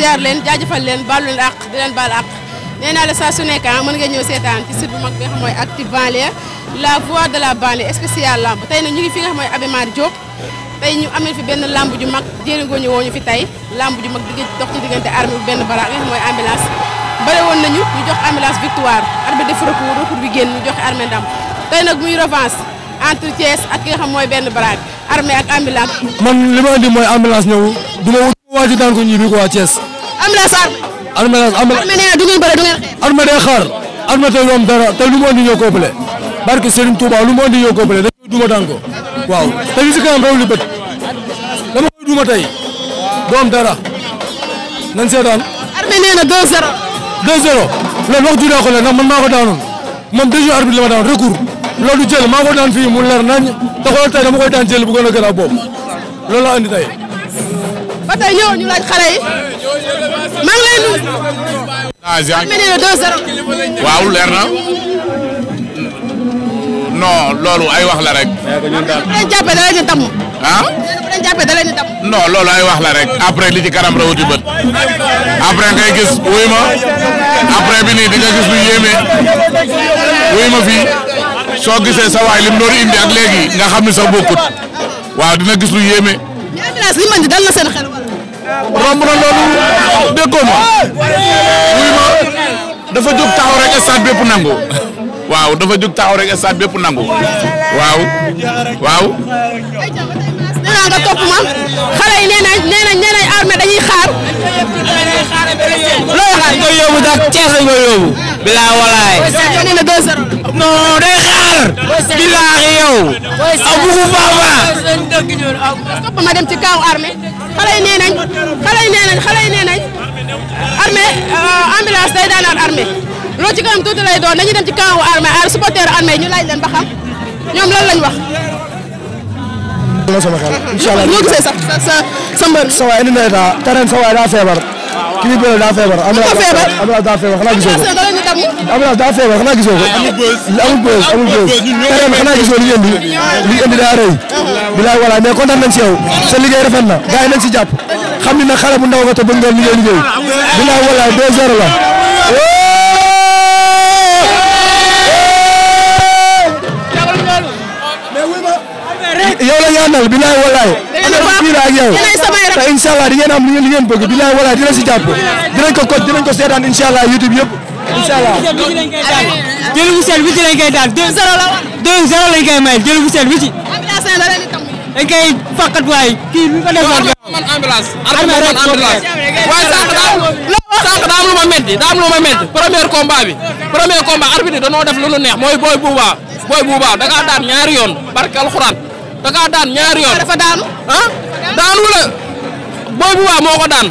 ziar leen jaajëfal leen baalu leen àq di leen baal àq nee la saa su nekk ah, mën nga ñëw seetaan ci site bu mag nga xam mooy Actu Banlieue la voix de la banlieue spéciale lamb tey nag ñu ngi fi nga benn lamb ju mag jëriñoo mag digg dox ci diggante armée bu benn bara nga xam mooy ambulance bare woon nañu ñu jox ambulance victoire arbitre def bi génn ñu joxe armée ndam tey nag muy revanche entre Thiès ak nga xam mooy benn baraag armée ak ambulance. man li ma indi mooy ambulance ñëw du ma wut waa ji daan ko ñibbi ko waa Thiès. am na sax. armé armé nee na du ngeen bëre du ngeen xeex. armé day xaar armé tey lu am dara te lu mu andi ñoo ko ëppale. barke Serigne Touba lu mu andi ñoo ko ëppale dañuy duma daan ko waaw te du am dara nañ seetaan. armé nee na loolu wax judaa ko la man maa ko daanoon moom deux jours arbitre daan recours loolu jël maa ko daan fii mu leer nañ te xoolal tey dama koy daan jël bu gën a a boobu loolu andi tey. ba tey ñëw ah, leer na. non loolu ay wax la rek. ay jàppee da leen ah? loolu ay wax la rek après li ci kanam rawati bët. après ngay gis wuy di nga gis lu yéeme wuy ma soo gisee sa waay lim doon indi ak léegi nga xam ni sa bokkut waaw dina gis lu yéeme. li man di dal romb na loolu déggoo wuy ma dafa jóg taxaw rek stade bépp nangu waaw dafa jóg taxaw rek stade bépp nangu waaw waaw nee naa nga topp ma xale yi nee nañ nee dañuy xaar looy xaar koy yóbbu dak Cees lañ yóbbu bilaa walaay non day xaar bilaahi yow abugu baba topp ma dem ci kaaw armée xale yi nee nañ xale yi nee nañ xale yi nee nañ armée euh, ambulance day daanaat armée loolu ci kanam tuuti lay doon dañuy dem ci camp wu armée ar supporter armée ñu laaj leen ba xam ñoom lan lañ wax. loolu sama xel mhm. incha allah ñoo gisee sax sa sa sa mbër. sa waay indi na état terrain sa waay daa feebar. kii daa feebar. am na daa feebar damm. ambulance daa feebar xanaa gisoo ko. amul bës amul bës. terrain bi xanaa gisoo li ñu indi. li ñu bilaay walaay mais kontaan nañ si yow. sa liggéey rafet na gars nañ si jàpp. xam ni nag xale bu ndaw nga te bëgg ngeen liggéey liggéey. bilaay walaay 2 la. yow la ñaanal bilaay walaay. fii la ak yow te incha allah di ngeen am li ngeen bilaay walaay dina si jàpp. dinañ ko ko dinañ ko seetaan incha YouTube yëpp. incha allah jël bu set witti lañ koy daan deux zéro la woon. deux zéro lañ koy may jël bu set witti. ambulance la leen di tàmm. dañ koy fàqat waay kii nu ko defoon. man ambulance. ambulance man ambulance. waaye sànq daa sànq daa am lu ma métti daa am lu ma métti premier combat bi premier combat arbitre dañoo def lu nu neex mooy booy buuba booy buuba da ngaa daan ñaari yoon barke alxuraan da ngaa daan ñaari yoon. dafa daanu. ah daanu la booy buuba moo ko daan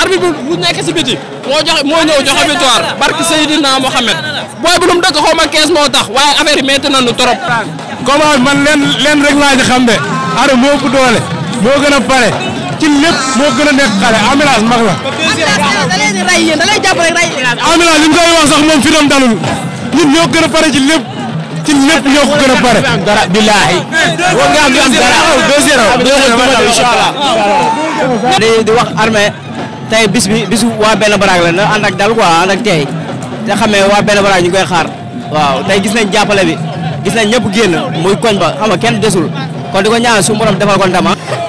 arbitre bu nekk si biti. moo joxe moo ñëw joxe victoire barke Seydina Mohamed booy bu lu mu dëkk xaw ma 15 moo tax waaye affaire na métti nañu trop. comment man leen leen rek laa ci de Ada moo ëpp doole moo gën a pare ci lépp moo gën a nekk xale ambulance mag la. da leen di rey yéen da lay jàpp rek rey ambulance li mu koy wax sax moom fi doon dalul ñun ñoo gën a pare ci lépp. ci lépp gën a pare. dara billahi. boo ngaa am dara 2-0. 2-0 incha allah. di wax armée. tey bis bi bisu waa benn baraag la na ànd ak dal quoi ànd ak tey te xamee waa benn baraag ñu koy xaar waaw tey gis nañ jàppale bi gis nañ ñëpp génn muy koñ ba xam kenn desul ko di ko ñaan su borom defal ko ndama ah.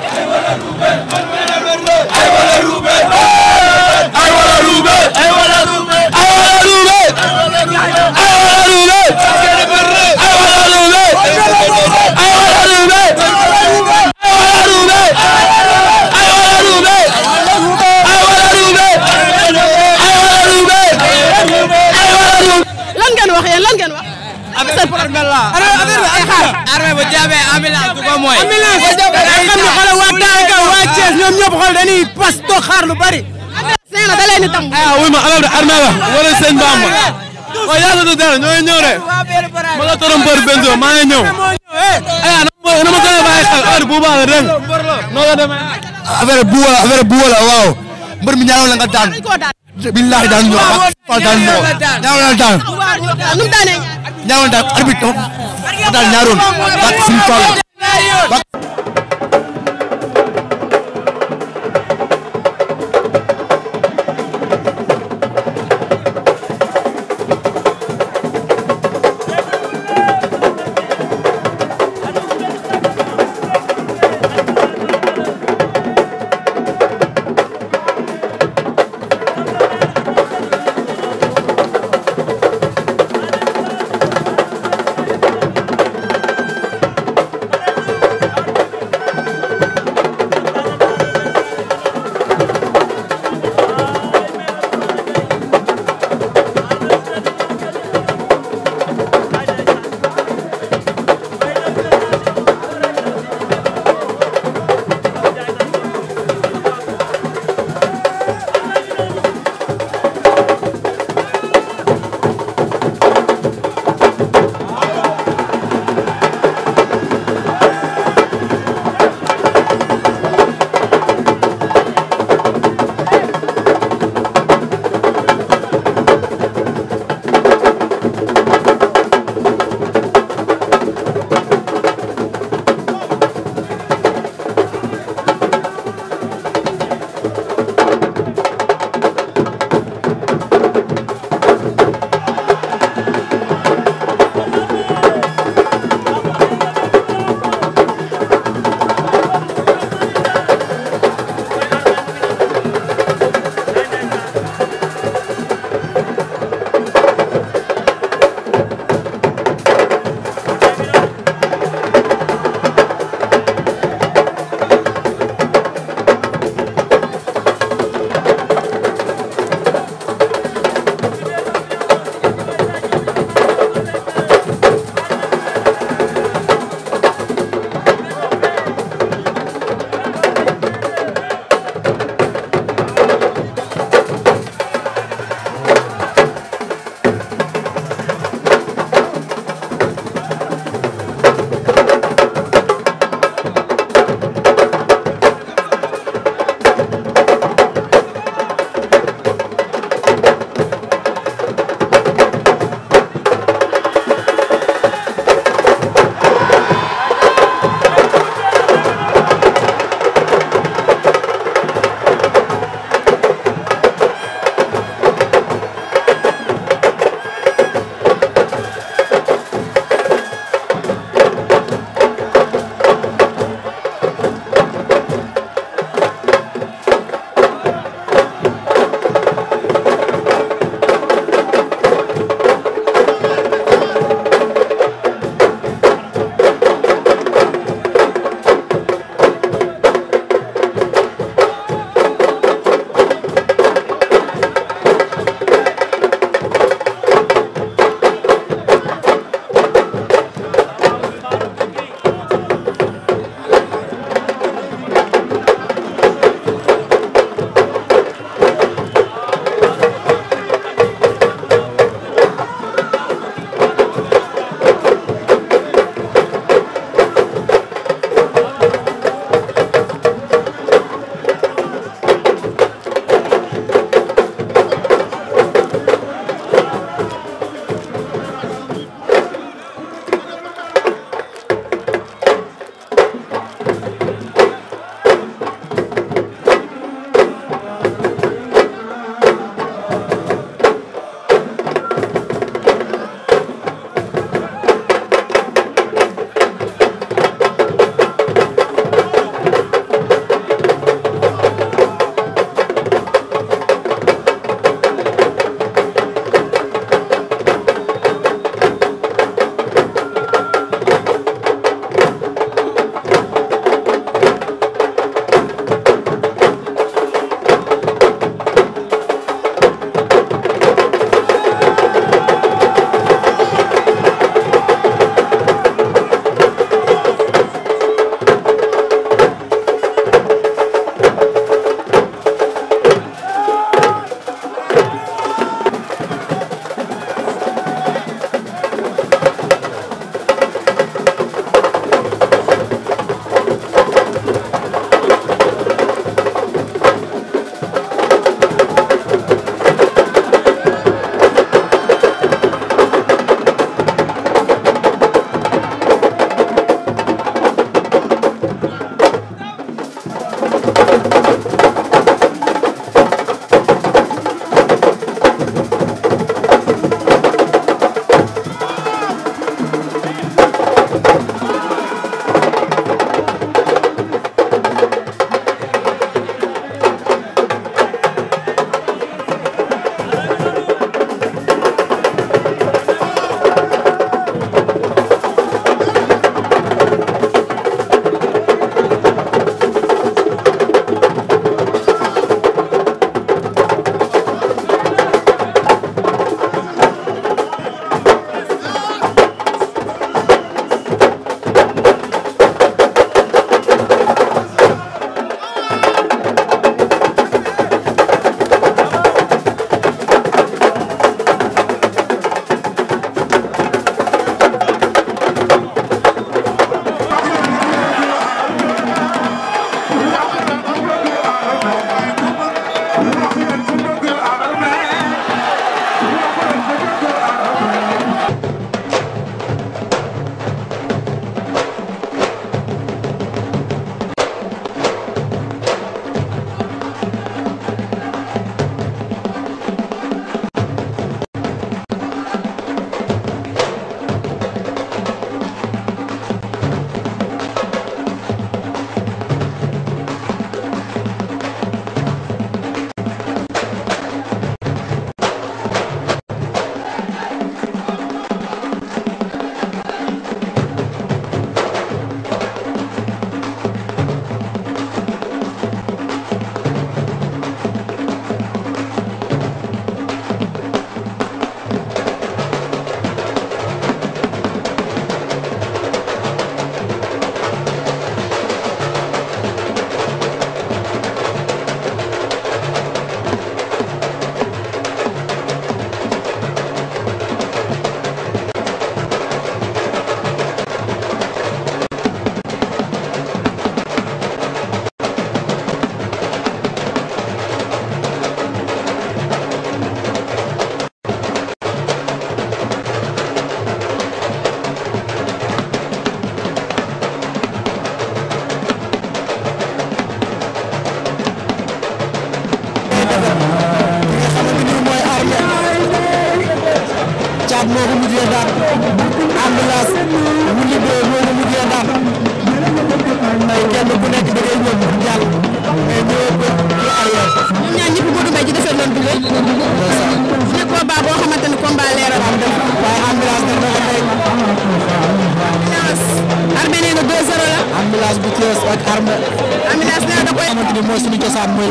xaar lu bari. seen la da leen di tàmm. ah oui ma alal de armée la wala sëñ Bamba. waaw yàlla du dara ñooy ñëw de. ma la torom bër Benzo maa ngi ñëw. ah na ma gën a bàyyi xel heure bu baax la dégg noo la demee. affaire bu wala affaire bu wala waaw. mbër mi ñaanal la nga daan. billahi daan ñoo fa daan ñoo ñaanal la daan. ñaanal daan arbitre dafa daan ñaaroon.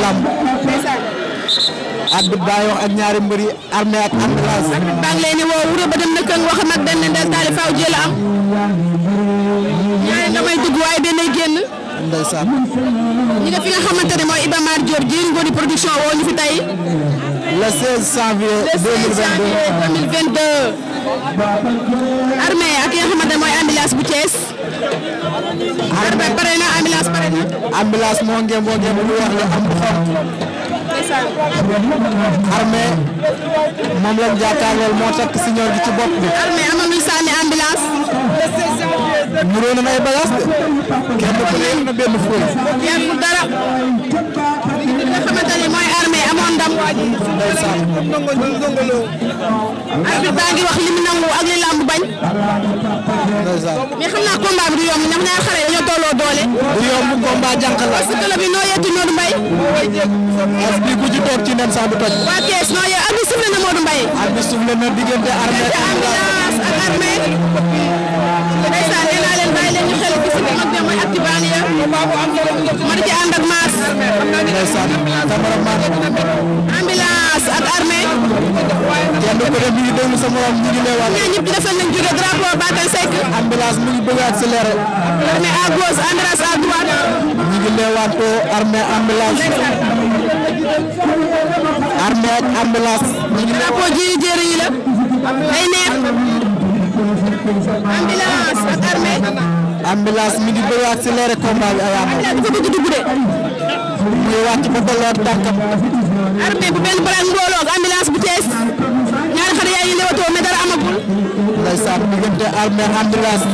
làmb arbitre baa wax ak ñaari mbër yi armée ak ambulance arbitre leen woo wuro ba dem na këng wax nag dañ ne del jël am ñaari nga fi nga xamante mooy Iba Mar Diop jëriñ ngoni production woo ñu fi tey le 16 janvier 2022 ak nga xamante mooy ambulance bu Thiès armé pare na ambulance pare na. ambulance moo ngeen moo ngeen lu wax la am xor. armé moom lañ jàkkaarlool moo takk si ñoom gi ci bopp bi. armé ama muy sànni ambulance. mu doon na ay bagages de. kenn ku ne na benn fóoy. yàggul dara. li nga xamante ne mooy armé amoon ndam. ndeysaan. arbitre baa ngi wax li mu nangu ak li làmb bañ. mais xam naa combat bi du yomb ndax ñaar xale dañoo tolloo doole. du yomb combat jànq la. parce que bi noo yetti Modou du toj. waa Thiès noo yee na diggante armée ak di ak maas. ndeysaan ak déglu ñu ngi mu ngi bëgg a accélérer. l'armée à gauche ambulance à droite. ñu ngi leewaatoo armée ambulance. armée ak ambulance. ñu ngi drapeau jëri jëri yi la. day a accélérer combat bi ay am. ambulance dafa bëgg dugg de. muy bu benn bras mbooloo ak ambulance bu tees. gaa yi leewatoo mais dara amagul. ndeysaan diggante armée ambulance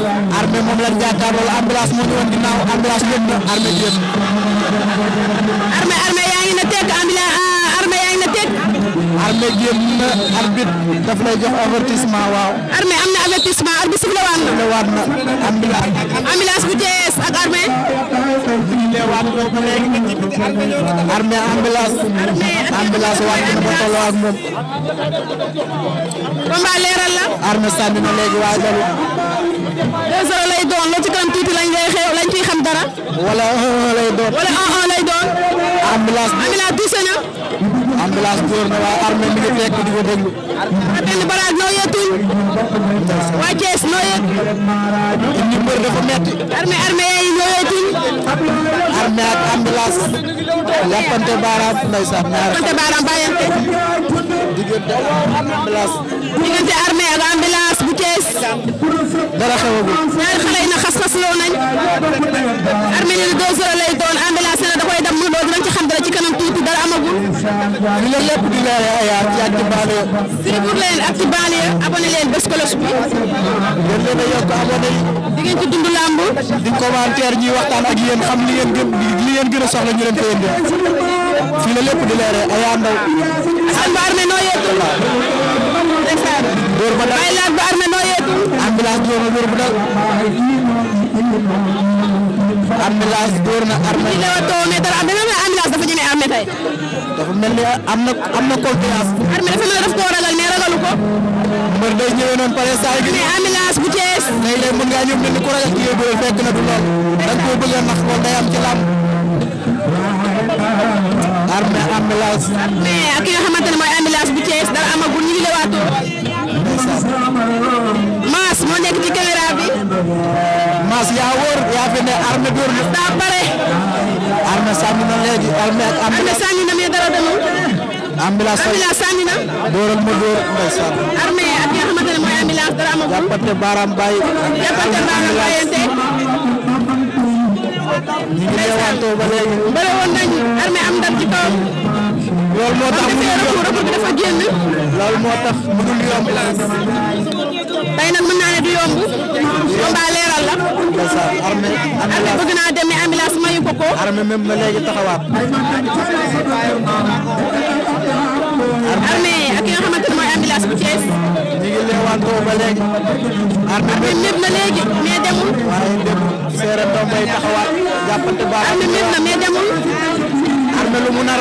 armée génn arbitre daf lay jox avertissement waaw. armée am na avertissement arbitre sifflé waat na. sifflé waat na ambulance. ambulance bu jees ak armée. sifflé waat na ba léegi. armée ambulance. ambulance waat na ba tolloo ak moom. combat leeral la. armée sànni na léegi waaye dalu. deux zéro lay doon loo ci kanam tuuti lañ ngay xew lañ ciy xam dara. wala un un lay doon. wala un un lay doon. ambulance ambulance tuuse na. ambulance door na waaye armée mi ngi fekk di ko déglu. waa benn baraag noo yëtul. waa Thiès noo yëg. ñi mbër dafa metti. ambulance. jàppante baaraam ndeysaan ñaar. jàppante ambulance. dara xewagul. ñaari xale yi xas-xas loo nañ. armée li deux heures lay doon ambulance da koy dem loolu dinañ ci xam dara ci kanam tuuti dara amagul. ñu ne lépp di leer ay ci Actubali. suivre a yokk yi. di a soxla ñu leen la lépp di leere Aya Ndaw. Samba armée noo yëg. Dóor ba ambulance door na wér bu ndaw ambulance door na armé. li nga doon mais dara am na ambulance dafa ñeme armé tey. dafa mel ni am na am na confiance. armé dafa mel daf koo ragal mais ragalu ko. mbër day ñëwee noonu pare saa yi. mais ambulance bu Thiès. tey de mën ngaa ñëw ne ni ku ragal kii yooyu fekk na du lool. da nga koo bëgg a nax lool day am ci làmb. armé ambulance. mais ak ki nga xamante ne mooy ambulance bu Thiès dara amagul ñu ngi leewaatoo. nekk ci caméra bi. Mass yaa wóor yaa fi ne armé dóor na. daa pare. armé sànni na léegi armé ak. armé sànni na mais dara demul. ambulance ambulance sànni na. dóoral ma dóor ndeysaan. armé ak nga xamante ne mooy ambulance dara amagul. jàppante baaraam bàyyi. jàppante baaraam bàyyante. ñu ngi leewantoo ba léegi. bëri woon nañu armé am ndam ci kawam. loolu moo tax mu génn. loolu moo tax mënul yomb. tey yomb. combat leeral la. bëgg naa dem mais mayu ko ko. armée même ba léegi taxawaat. armée ak ki nga xamante ne mooy ambulance bu léegi. armée demul. waaye doom bay taxawaat. jàppante baax armée méb demul. armée lu mu nar.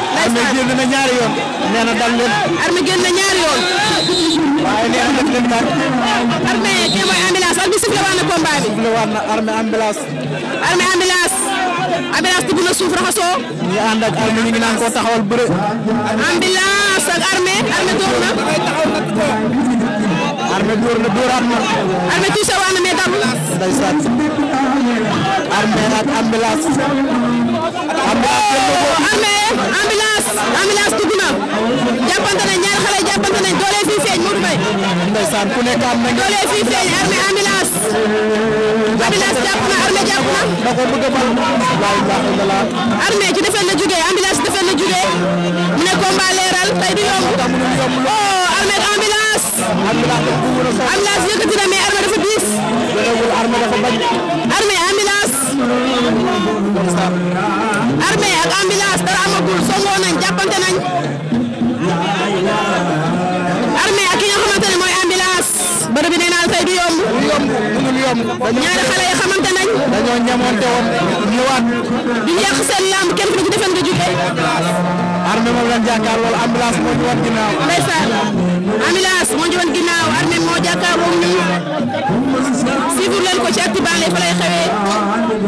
armée génn na ñaari yoon. nee na dal leen. yoon. waaye nee na def leen dara. ak bi sifle waat na combat na armée ambulance. armée ambulance. ambulance na suuf raxasoo. ñu ànd ak armée ñu ngi naan koo taxawal bëre. ambulance ak armée armée door na. armée door na dooraat na. armée tuuse doole fii feeñ armé ambulance. ambulance jàpp na armé jàpp na. da ko bëgg a na la. mu ne combat leeral tey du yomb. oh armé ambulance. ambulance yëkkati na mais armé dafa diis. jëlewul armé dafa bañ. ak ambulance dara amagul songoo nañ jàppante nañ. oto bi nee naa say du yomb. du yomb mënul yomb. ñaari xale yi xamante nañ. dañoo ñamonte woon ñëwaat. di yàq seen lamb kenn ku ne ci defen nga jugee. armée moom lañ jàkkaar lool ambulance moo ñu wan ginnaaw. ndeysaan ambulance moo ñu wan ginnaaw armée moo jàkkaarloo ñun. suivre leen ko ci Actubanlieue fa lay xewee.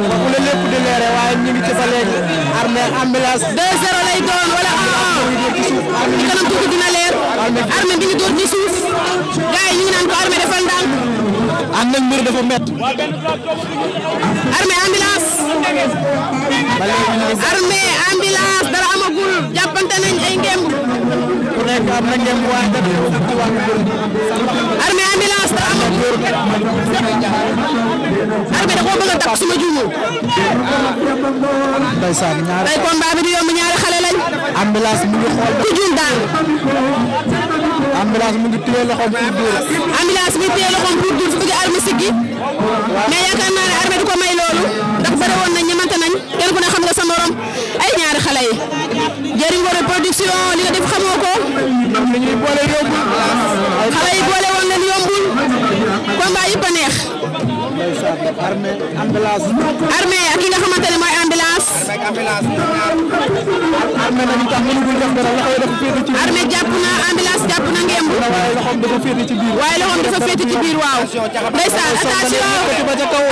waxu la lépp di leere waaye ñu ngi ci ba léegi. armée ambulance. 2-0 lay doon wala 1-1. ci kanam tuuti dina leer. armée bi ñu door ci suuf. gars yi ngi naan ko armée defal ndànk. ànd nag mbir dafa métti. armée ambulance. armée ambulance dara amagul jàppante ku nekk am na ngemb waaye dara ci wàllu da koo bëgg a ambulance mu ngi téye loxoom pour dóor. ambulance ngi téye siggi mais yaakaar naa ne arme du ko may loolu ndax bare woon nañ ñamante nañ kenn ku ne xam nga sa morom ay ñaari xale yi jëriñ Ngoné production li nga def xamoo ko. xale yi boole woon leen yombul combat yëpp a neex. avec ambulance armée dañu tax mënu dul def dara loxo dafa féete ci biir armée jàpp na ambulance jàpp na ngemb waaye loxoom dafa féete ci biir waaye loxoom dafa féete ci biir waaw ndeysaan attention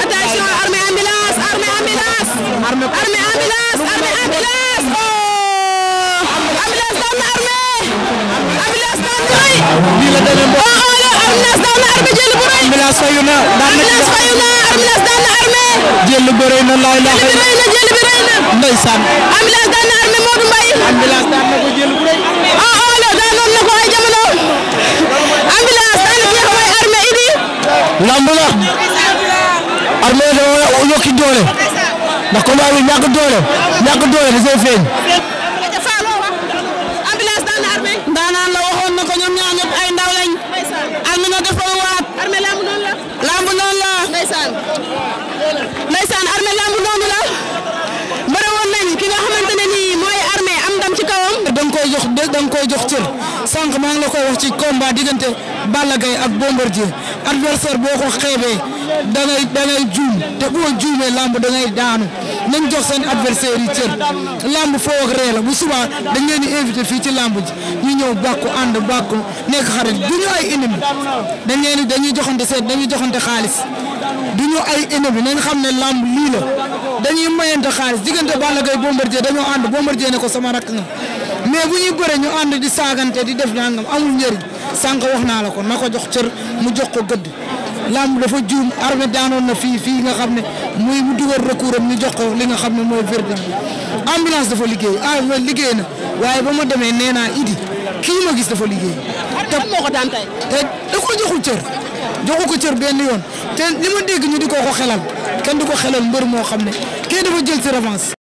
attention armée ambulance armée ambulance armée ambulance armée ambulance oh ambulance daan na armée ambulance daan na lii la demee Ambulance daan na Armé jël bu rëy. Ambulance fayu na daan na Ambulance fayu na Ambulance daan na Armé. jël bu rëy na laay la xëy na jël bi rëy na. ndeysaan. Ambulance daan na Armé Modou Mbaye. Ambulance daan na ko jël bu rëy. ah ah la daanoon na ko ay jamono. Ambulance daan na jeex mooy Armé Idi. lamb la. Armé dafa yokki doole. ndax combat bi ñàkk doole ñàkk doole dafay feeñ. danga koy jox cër sànq maa ngi la koy wax ci combat diggante Balla Gaye ak Bombardier adversaire boo ko xeebee da ngay da ngay juum te boo juumee lamb da ngay daanu nañ jox seen adversaire yi cër lamb foo ak ree la bu subaa dañ leen di invité fii ci lamb ji ñu ñëw bàkku ànd bàkku nekk xarit du ñu ay ennemi dañ leen di dañuy joxante seet dañuy joxante xaalis du ñu ay ennemi nañ xam ne lamb lii la dañuy mayante xaalis diggante Balla Gaye Bombardier dañoo ànd Bombardier ne ko sama rakk nga mais bu ñuy bëre ñu ànd di saagante di def nangam amu njëriñ sànq wax naa la ko na ko jox cër mu jox ko gëdd. lamb dafa juum armé daanoon na fii fii nga xam ne muy mu dugal recours am ñu jox ko li nga xam ne mooy verdict dafa liggéey ah liggéey na waaye ba ma demee nee naa idi kii ma gis dafa liggéey. te moo ko daan te da ko joxul cër. joxu ko cër benn yoon te li ma dégg ñu di ko ko xelal kenn du ko xelal mbër moo xam ne kii dafa jël ci revanche.